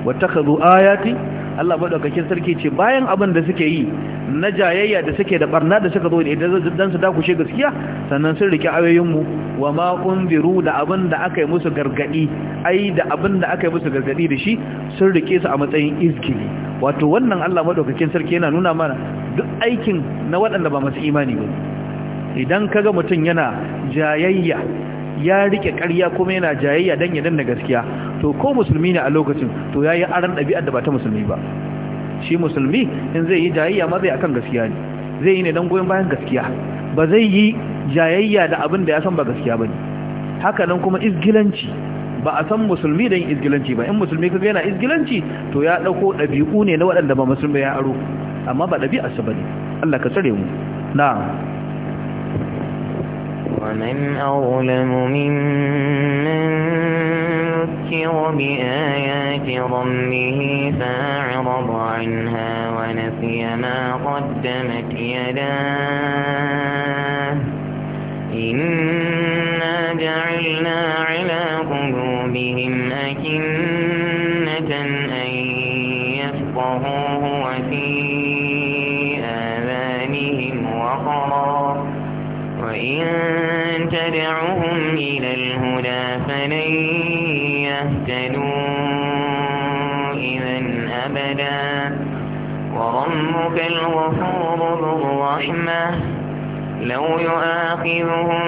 wattakhadhu ayati Allah madaukakin sarki ce bayan abin da suke yi na jayayya da suke da barna da suka zo da idan dan su dakushe gaskiya sannan sun rike ayoyin mu wa ma da abin da aka yi musu gargadi ai da abin da aka yi musu gargadi da shi sun rike su a matsayin izgili wato wannan Allah madaukakin sarki yana nuna mana duk aikin na waɗanda ba masu imani ba idan kaga mutum yana jayayya ya rike ƙarya kuma yana jayayya dan ya na gaskiya to ko musulmi ne a lokacin to ya yi aran ɗabi'ar da ba ta musulmi ba shi musulmi in zai yi jayayya ma zai akan gaskiya ne zai yi ne don goyon bayan gaskiya ba zai yi jayayya da abin da ya san ba gaskiya ne. haka nan kuma izgilanci ba a san musulmi da yin izgilanci ba in musulmi kaga yana izgilanci to ya ɗauko ɗabi'u ne na waɗanda ba musulmi ya aro amma ba ɗabi'arsa ne. Allah ka tsare mu na'am ومن أظلم ممن ذكر بآيات ربه فأعرض عنها ونسي ما قدمت يداه إنا جعلنا على قلوبهم أكنة تدعهم إلى الهدى فلن يهتدوا إذا أبدا وربك الغفور ذو الرحمة لو يؤاخذهم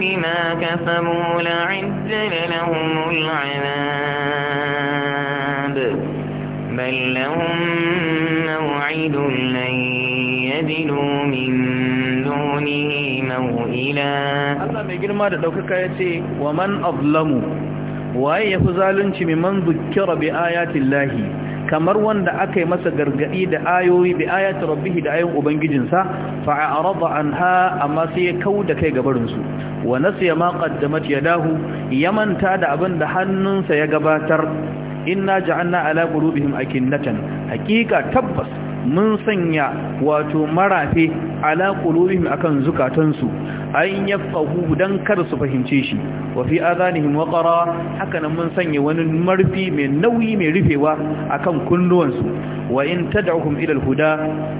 بما كسبوا لعجل لهم العذاب بل لهم موعد لن يجدوا من علينا mai girma da daukaka yace wa man azlamu waye yafi zalunci mimman zukkira bi ayati llahi kamar wanda akai masa gargadi da ayoyi bi ayati da ayoyin ubangijinsa fa arada anha amma sai ya kauda kai gabarin su wa nasiya ma qaddamat yadahu yamanta da abinda hannunsa ya gabatar inna ja'alna ala qulubihim akinnatan haqiqa tabbas mun sanya wato marafe ala qulubihim akan zukatansu an yafqahu dan kar su fahimce shi wa fi adanihim waqara haka nan mun sanya wani marfi mai nauyi mai rufewa akan kunnuwansu wa in ta ila al-huda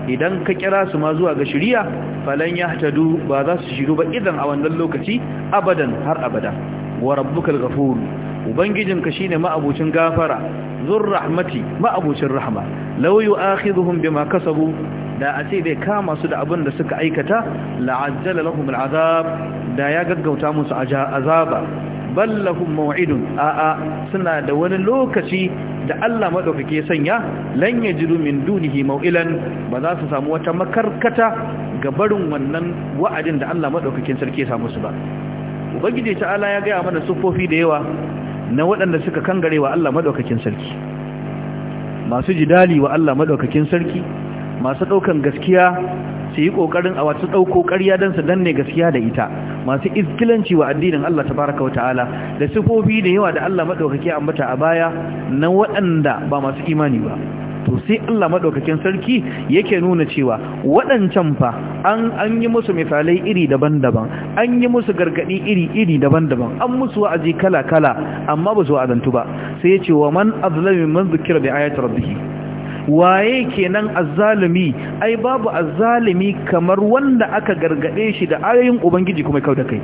idan ka kira su ma zuwa ga shari'a falan yahtadu ba za su shiru ba idan a wannan lokaci abadan har abada wa rabbukal ghafur ubangijinka shine ma'abucin gafara zur rahmati ma'abucin rahma law yu'akhidhuhum bima kasabu da a ce bai kama su da abin da suka aikata la'ajjala lahum al'azab da ya gaggauta musu azaba bal lahum maw'idun a'a suna da wani lokaci da Allah madaukake sanya lan yajidu min dunihi maw'ilan ba za su samu wata makarkata ga barin wannan wa'adin da Allah madaukakin sarki ya samu su ba ubangiji ta'ala ya ga mana sufofi da yawa na waɗanda suka kangare wa Allah madaukakin sarki masu jidali wa Allah maɗaukakin sarki masu ɗaukan gaskiya su yi ƙoƙarin a wasu ɗauko ƙarya don su danne gaskiya da ita masu iskilanci wa addinin Allah tabaraka wa ta'ala da sifofi da yawa da Allah maɗaukaki ambata a baya na waɗanda ba masu imani ba to sai Allah madaukakin sarki yake nuna cewa waɗancan fa an an yi musu misalai iri daban-daban an yi musu gargadi iri-iri daban-daban an musu wa'azi kala-kala amma ba su wa'azantu ba sai ya ce wa man azlami man zikira bi ayati rabbih waye kenan azzalimi ai babu azzalimi kamar wanda aka gargade shi da ayoyin ubangiji kuma kai da kai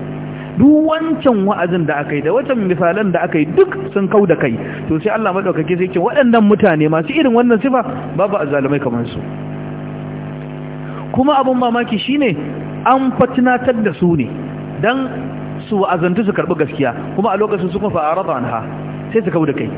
duk wancan wa'azin da aka yi da wancan misalan da aka yi duk sun kau da kai to sai Allah madaukake sai ce waɗannan mutane masu irin wannan sifa babu azzalumai kamar su kuma abin mamaki shine an fatinatar da su ne dan su wa'azantu su karbi gaskiya kuma a lokacin su kuma fa'arada anha sai su kau da kai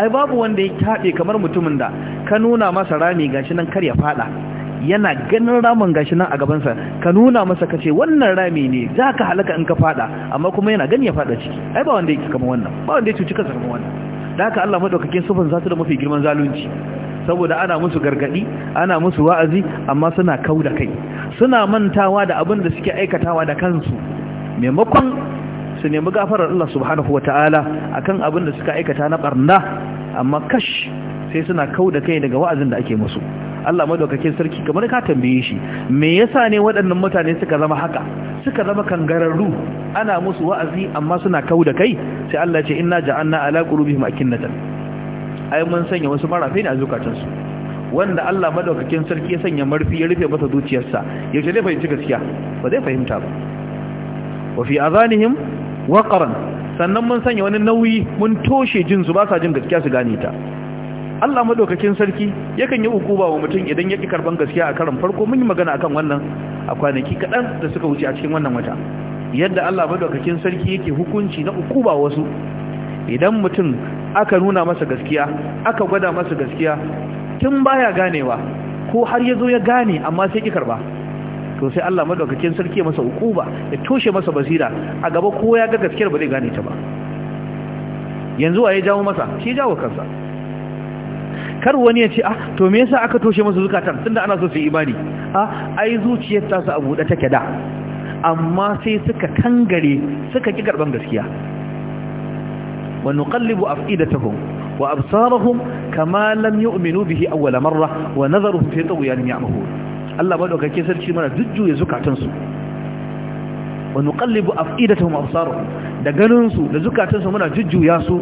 ai babu wanda ya tabe kamar mutumin da ka nuna masa rami gashi nan kar ya faɗa. yana ganin ramin gashi nan a gabansa ka nuna masa kace wannan rami ne za ka halaka in ka fada amma kuma yana gani ya fada ciki ai ba wanda yake kamar wannan ba wanda ya cuci kansa kamar wannan da haka Allah madaukakin sufan zasu da mafi girman zalunci saboda ana musu gargadi ana musu wa'azi amma suna kauda kai suna mantawa da abin da suke aikatawa da kansu maimakon su nemi gafarar Allah subhanahu wataala akan abin da suka aikata na barna amma kash sai suna kauda kai daga wa'azin da ake musu Allah madaukakin sarki kamar ka tambaye shi me yasa ne waɗannan mutane suka zama haka suka zama kangararru ana musu wa'azi amma suna kau da kai sai Allah ya ce inna ja'anna ala qulubihim akinnatan ai mun sanya wasu marafi ne a su wanda Allah madaukakin sarki ya sanya marfi ya rufe masa zuciyarsa yaushe zai fahimci gaskiya ba zai fahimta ba wa fi azanihim waqran sannan mun sanya wani nauyi mun toshe jin su ba sa jin gaskiya su gane ta Allah madaukakin sarki yakan yi ukuba wa mutum idan ya ki karban gaskiya a karan farko mun yi magana akan wannan a kwanaki kaɗan da suka wuce a cikin wannan wata yadda Allah madaukakin sarki yake hukunci na ukuba wasu idan mutum aka nuna masa gaskiya aka gwada masa gaskiya tun baya ganewa ko har ya zo ya gane amma sai ki karba to sai Allah madaukakin sarki masa hukuba ya toshe masa basira a gaba ko ya ga gaskiyar ba zai gane ta ba yanzu waye jawo masa shi jawo kansa kar wani ya ce ah to me yasa aka toshe musu zukatan tunda ana so su yi imani ah ai zuciyar ta su a buɗe take da amma sai suka kangare suka ki karban gaskiya wa nuqallibu afidatahum wa absarahum kama lam yu'minu bihi awwala marra wa nadharuhum fi taghyan ya'mahun Allah madaukake sarki mana jujjuye zukatan su wa nuqallibu afidatahum absarahum da ganin su da zukatan su muna jujjuya su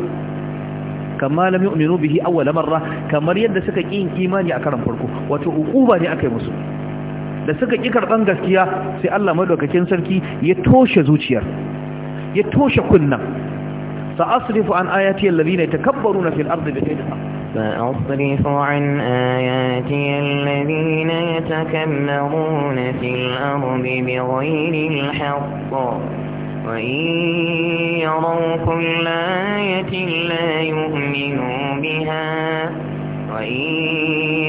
kama lam yu'minu bihi awwal marra kamar yadda suka ki imani a karan farko wato ukuba ne akai musu da suka ki karban gaskiya sai Allah madaukakin sarki ya toshe zuciyar ya toshe kunnan sa'asrifu an ayati alladhina yatakabbaruna fil ardi bighayri haqq سأصرف عن آياتي الذين يتكبرون في الأرض بغير الحق وإن يروا كل آية لا يؤمنوا بها وإن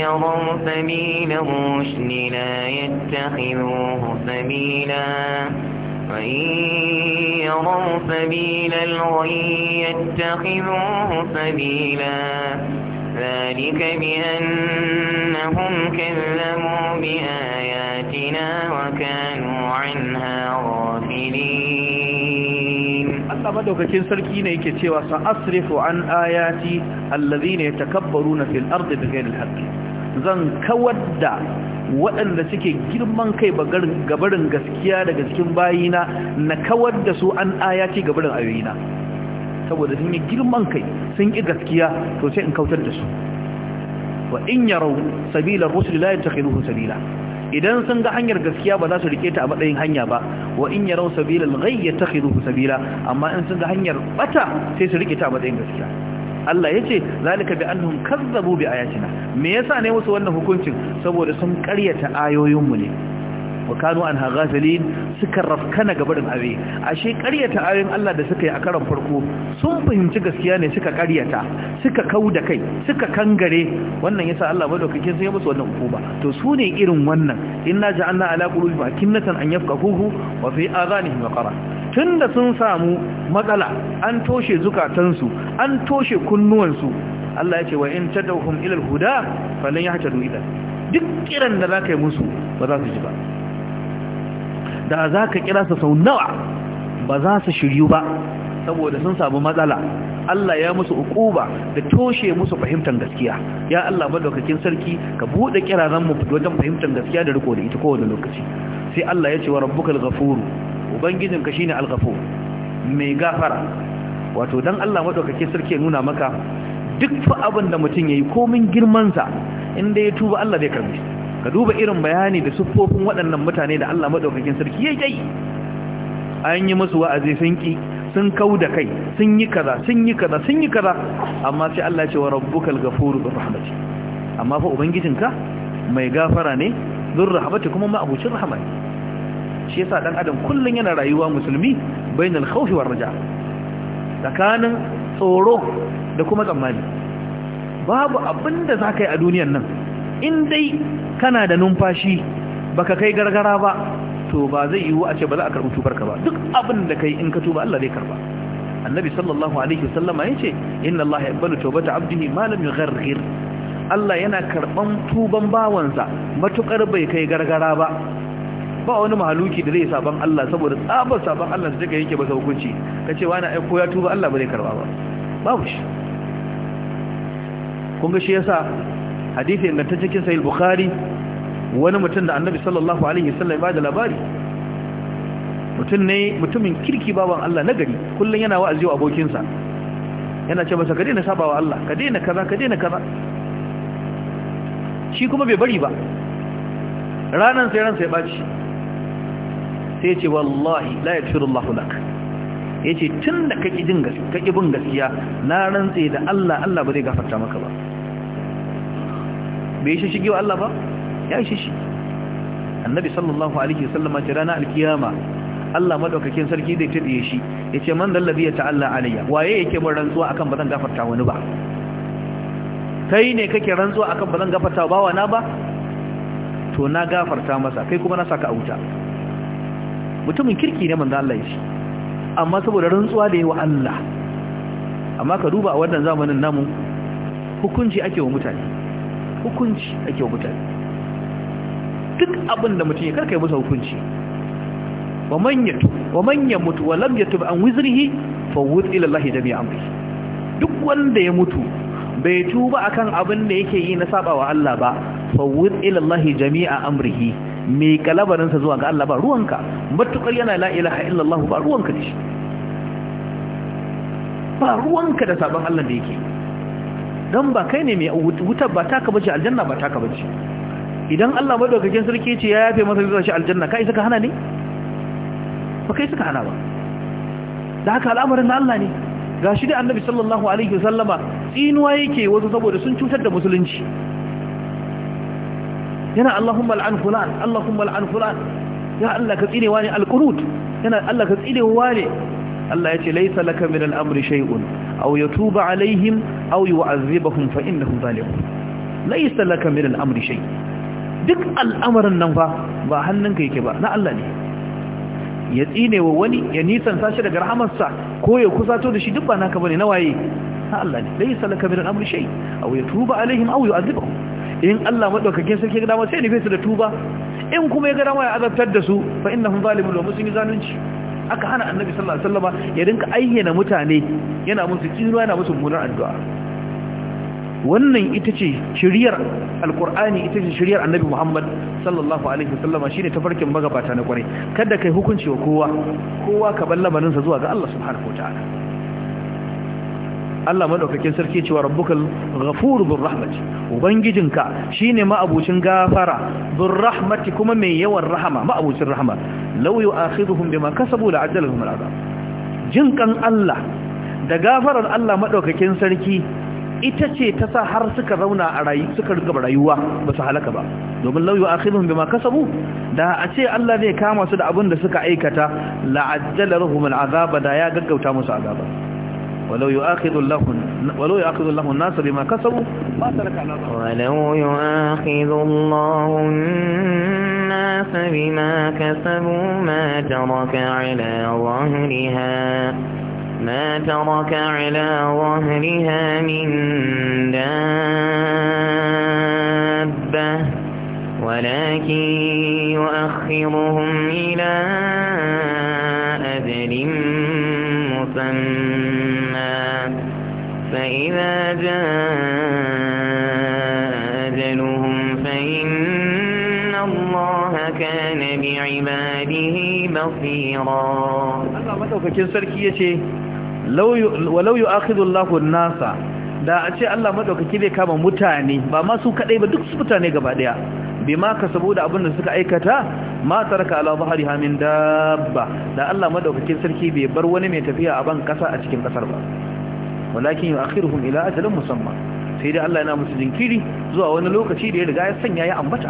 يروا سبيل الرشد لا يتخذوه سبيلا وإن يروا سبيل الغي يتخذوه سبيلا ذلك بأنهم كذبوا بآياتنا وكانوا عنها غافلين madaukakin sarki ne yake cewa sa asrifu an ayati allazina yatakabbaruna fil ardi bighayri alhaq zan kawar da waɗanda suke girman kai gabarin gaskiya daga cikin bayina na kawar da su an ayati gabarin ayoyina saboda sun yi girman kai sun ƙi gaskiya to sai in kautar da su wa in yarau sabila rusul la sabila idan sun ga hanyar gaskiya ba za su rike ta a matsayin hanya ba wa in yarau ta ghayy yattakhidhu sabila amma in sun ga hanyar bata sai su rike ta a matsayin gaskiya Allah yace zalika bi annahum kazzabu bi ayatina me yasa ne musu wannan hukuncin saboda sun ƙaryata mu ne fakanu an haghafilin suka rafkana gaba din abe ashe ƙaryata ayoyin Allah da suka yi a karon farko sun fahimci gaskiya ne suka ƙaryata suka kau da kai suka kangare wannan yasa Allah madaukakin sai ya musu wannan hukuma to su ne irin wannan inna ja'alna ala qulubi akinnatan an yafqahuhu wa fi adhanihim qara tunda sun samu matsala an toshe zukatansu an toshe kunnuwansu Allah ya ce wa in tadawhum ila al-huda falan yahtadu idan duk kiran da za ka yi musu ba za su ji ba da za ka kira su sau nawa ba za su shiryu ba saboda sun samu matsala Allah ya musu ukuba da toshe musu fahimtar gaskiya ya Allah madaukakin sarki ka bude kiraran mu wajen fahimtar gaskiya da riko da ita kowane lokaci sai Allah ya ce wa rabbukal ghafur ubangijin ka shine al-ghafur mai gafara wato dan Allah madaukakin sarki ya nuna maka duk fa abin da mutum yayi komin girman sa inda ya tuba Allah zai karbe ka duba irin bayani da siffofin waɗannan mutane da Allah maɗaukakin sarki ya yi an yi musu wa'azi sun ƙi sun kau da kai sun yi kaza sun yi kaza sun yi kaza amma sai Allah ce wa rabbukal gafuru da rahmati amma fa ubangijinka mai gafara ne zur rahmati kuma ma abucin rahama shi yasa dan adam kullun yana rayuwa musulmi bainal khawfi war raja tsakanin tsoro da kuma tsammani babu abinda zakai a duniyar nan in dai kana da numfashi baka kai gargara ba to ba zai yiwu a ce ba za a karɓi tubarka ba duk abin da kai in ka tuba Allah zai karba annabi sallallahu alaihi wasallam ya ce inna Allah yaqbalu tawbata abdihi ma lam yughargir Allah yana karban tuban bawansa matukar bai kai gargara ba ba wani mahaluki da zai saban Allah saboda tsabar saban Allah da take yake ba hukunci kace wani ai ko ya tuba Allah ba zai karba ba babu shi kun ga shi yasa hadisi ta cikin sahih bukhari wani mutum da annabi sallallahu alaihi wasallam ba da labari mutum ne mutumin kirki baban Allah na gari kullun yana wa'azi wa abokinsa yana ce masa ka daina saba wa Allah ka daina kaza ka daina kaza shi kuma bai bari ba ranan sai ran sai baci sai ya ce wallahi la Allah lak yace tunda kake jin gaskiya kake bin gaskiya na rantsa da Allah Allah ba zai gafarta maka ba bai shi shige wa Allah ba ya shi shi annabi sallallahu alaihi wasallama ta rana alkiyama Allah madaukakin sarki zai tadiye shi yace man dal ladhi ta'alla alayya waye yake mun rantsuwa akan bazan gafarta wani ba kai ne kake rantsuwa akan bazan gafarta bawa na ba to na gafarta masa kai kuma na saka auta mutumin kirki ne manzo Allah yace amma saboda rantsuwa da yawa Allah amma ka duba a wannan zamanin namu hukunci ake wa mutane hukunci ake mutane duk abin da mutum ya karka yi hukunci wa man ya mutu wa lam tuba an wizirhi fa ilallahi da biya jami'a amri duk wanda ya mutu bai tuba akan abin da yake yi na sabawa Allah ba fa ilallahi ila jami'a amrihi mai kalabarinsa zuwa ga Allah ba ruwanka matukar yana la ilaha illallahu ba ruwanka da shi ba ruwanka da sabon Allah da yake yi don ba kai ne mai wutar ba ta bace aljanna ba ta bace idan Allah madaukakin sarki ce ya yafe masa zuwa shi aljanna kai suka hana ne ba kai suka hana ba da haka al'amarin na Allah ne ga shi da annabi sallallahu alaihi wasallama tsinuwa yake wasu saboda sun cutar da musulunci yana Allahumma al'an fulan Allahumma al'an fulan ya Allah ka tsinewa ne al yana Allah ka tsinewa ne Allah ya ce laisa laka min al'amri shay'un aw yatuba alaihim aw yu'azzibahum fa innahum zalimun laisa laka min al'amri shay duk al'amarin nan fa ba hannunka yake ba na Allah ne ya tsine wa wani ya nisan sashi daga rahamarsa ko ya kusato da shi duk ba naka bane na waye na Allah ne laisa laka min al'amri shay aw yatuba alaihim aw yu'azzibahum in Allah madaukakin sarki ga dama sai ne fesu da tuba in kuma ya ga dama ya azabtar da su fa innahum zalimun wa musulmi zalunci aka hana annabi sallallahu alaihi wasallam ya rinka ayyana mutane yana musu kiruwa yana musu munar addu'a wannan ita ce shiriyar alkur'ani ita ce shiriyar annabi muhammad sallallahu alaihi wasallama shine tafarkin magabata na kware kada kai hukunci wa kowa kowa ka bar lamarinsa zuwa ga Allah subhanahu wataala Allah madaukakin sarki cewa rabbukal ghafur bir rahmati ubangijinka shine ma'abucin gafara bir rahmati kuma mai yawan rahama ma'abucin rahama law yu'akhiduhum bima kasabu la'ajalahum al'azab jinkan Allah da gafarar Allah madaukakin sarki ita ce ta sa har suka rauna a rayu suka rika rayuwa ba su halaka ba domin lauyu akhiruhum bima kasabu da a ce Allah zai kama su da abin da suka aikata la'ajjala lahum al'azaba da ya gaggauta musu azaba ولو يؤاخذ الله ولو يؤاخذ الله الناس بما كسبوا ما ترك على ظهره ولو يؤاخذ الله الناس بما كسبوا ما ترك على ظهرها ما ترك على ظهرها من دابة ولكن يؤخرهم إلى أجل مسمى فإذا جاء أجلهم فإن الله كان بعباده بصيرا ولو يؤاخذ الله الناس da a ce Allah madaukaki zai kama mutane ba ma su kadai ba duk su mutane gaba daya bi ma ka saboda abin da suka aikata ma taraka ala zahari hamin dabba da Allah madaukakin sarki bai bar wani mai tafiya a ban kasa a cikin kasar ba walakin yu'akhiruhum ila ajalin musamman sai dai Allah yana musu jinkiri zuwa wani lokaci da ya riga ya sanya ya ambata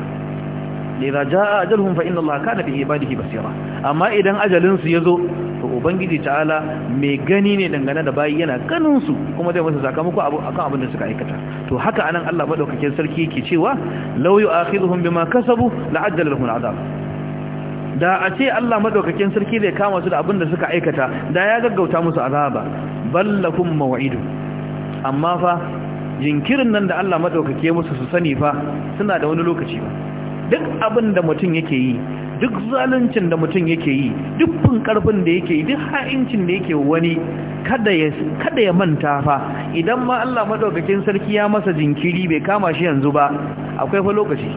idza jaa ajaluhum fa inna allaha kana bi ibadihi basira amma idan ajalin su zo to ubangiji ta'ala mai gani ne dangane da bayi yana ganin kuma zai musu sakamako a akan abin da suka aikata to haka anan Allah madaukakin sarki ke cewa law yu'akhidhuhum bima kasabu la'ajjala lahum al'adab da a ce Allah madaukakin sarki zai kama su da abin da suka aikata da ya gaggauta musu azaba ballakum maw'idu amma fa jinkirin nan da Allah madaukake musu su sani fa suna da wani lokaci ba duk abin da mutum yake yi duk zaluncin da mutum yake yi duk karfin da yake yi duk ha'incin da yake wani kada ya kada ya manta fa idan ma Allah madaukakin sarki ya masa jinkiri bai kama shi yanzu ba akwai fa lokaci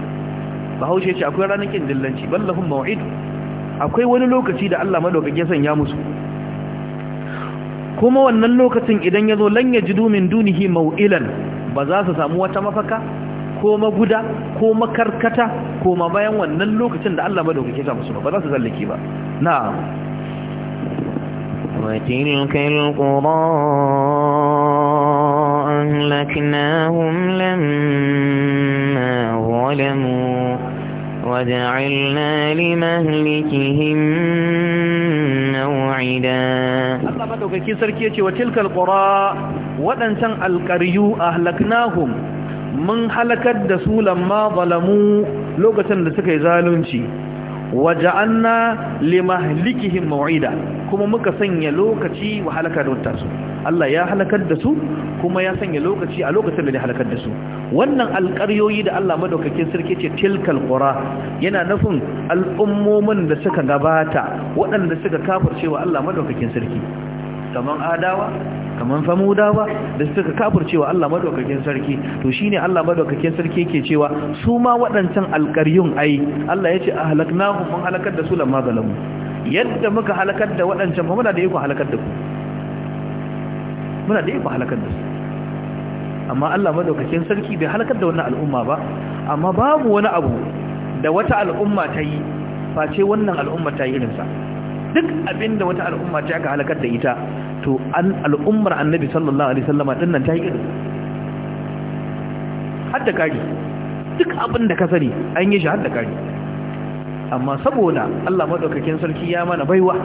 bahaushe ce akwai ranakin dillanci ballahun maw'id akwai wani lokaci da Allah madaukake ya musu kuma wannan lokacin idan ya zo lan yajidu min dunihi maw'ilan ba za su samu wata mafaka ko maguda ko makarkata ko ma bayan wannan lokacin da Allah madaukake ta musu ba za su zallake ba na'am وتلك أهلكناهم لما ظلموا وجعلنا لمهلكهم موعدا الله مدوكي سركي وتلك القرى ودنسان القريو أهلكناهم من هلكت دسولا ما ظلموا لوكة لسكي ظالمشي waja'anna limahlikihim mau'ida kuma muka sanya lokaci wa halaka da wata su Allah ya halakar da su kuma ya sanya lokaci a lokacin da ya halakar da su wannan alƙaryoyi da Allah madaukakin sarki ce tilkal qura yana nufin al'ummomin da suka gabata waɗanda suka kafirce wa Allah madaukakin sarki kaman adawa kaman famudawa da suka kafircewa Allah madaukakin sarki to shine Allah madaukakin sarki yake cewa su ma wadancan alƙaryun ai Allah yace ahlaknahu mun halakar da su lamma zalamu yadda muka halakar da wadancan ba muna da iko halakar da ku muna da iko halakar da su amma Allah madaukakin sarki bai halakar da wannan al'umma ba amma babu wani abu da wata al'umma ta yi face wannan al'umma ta yi irinsa duk abinda wata al'umma ce aka halakar da ita to an al'ummar annabi sallallahu alaihi wasallama din nan ta yi irin hadda kari duk abinda ka sani an yi shi hadda kari amma saboda Allah madaukakin sarki ya mana baiwa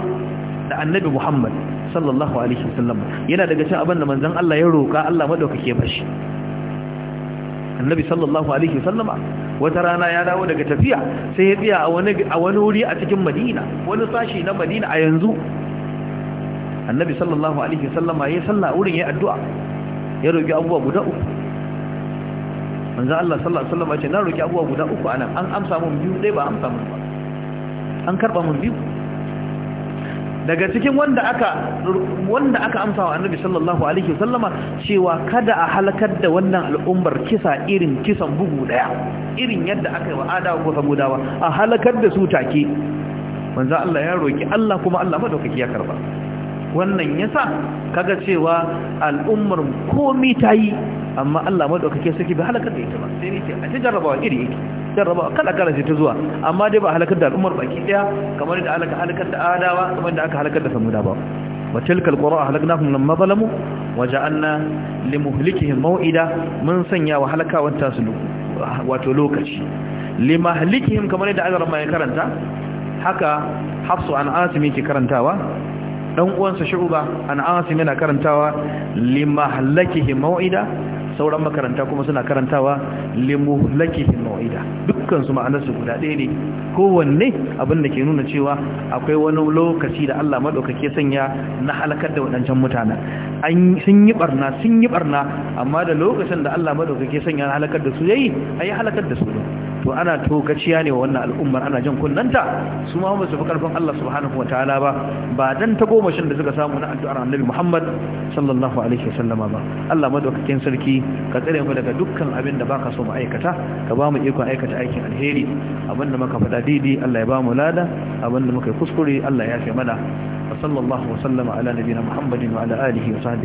da annabi Muhammad sallallahu alaihi wasallam yana daga cikin abinda da manzon Allah ya roka Allah madaukake bashi annabi sallallahu alaihi sallama wata rana ya dawo daga tafiya sai ya tsaya a wani wuri a cikin Madina wani sashi na Madina a yanzu annabi sallallahu alaihi sallama ya salla wurin ya addu'a ya roki abubuwa guda uku manzo Allah sallallahu alaihi wasallama ce na roki abubuwa guda uku anan an amsa mun biyu dai ba amsa mun ba an karɓa mun biyu daga cikin wanda aka wanda aka amsa wa annabi sallallahu alaihi wasallama cewa kada a halakar da wannan al'ummar kisa irin kisan bugu daya irin yadda aka yi wa adawa ko samudawa a halakar da su take manzo Allah ya roki Allah kuma Allah madaukaki ya karba wannan yasa kaga cewa al'ummar komi tayi amma Allah madaukake saki bi halakar da ita ba sai ne ce a jarabawa iri yake jarraba kala kala ce ta zuwa amma dai ba halakar da al'ummar baki daya kamar da halaka halakar da adawa kamar da aka halakar da samuda ba wa tilkal qura ahlaknahum lamma zalamu wa ja'alna limuhlikihim maw'ida mun sanya wa halakawan tasu wato lokaci limahlikihim kamar da azar mai karanta haka hafsu an asimi ke karantawa dan uwansa shu'ba an asimi na karantawa limahlakihim maw'ida sauran makaranta kuma suna karantawa limu lakifin ma'ida dukkan ma'anarsu guda ɗaya ne kowanne abin da ke nuna cewa akwai wani lokaci da Allah maɗaukake sanya na halakar da waɗancan mutane sun yi barna sun yi barna amma da lokacin da Allah maɗaukake sanya na halakar da su yayi a yi halakar da su ne to ana tokaciya ne wa wannan al'ummar ana jan kunnanta su ma ba su fi karfin Allah subhanahu wa ta'ala ba ba dan ta gomashin da suka samu na addu'ar annabi Muhammad sallallahu alaihi wasallama ba Allah madaukakin sarki ka tsare mu daga dukkan abin da baka so mu aikata ka ba mu ikon aikata aikin alheri abin da muka faɗa didi Allah ya ba mu lada abin da muka yi kuskure Allah ya fi mana وصلى الله وسلم على نبينا محمد وعلى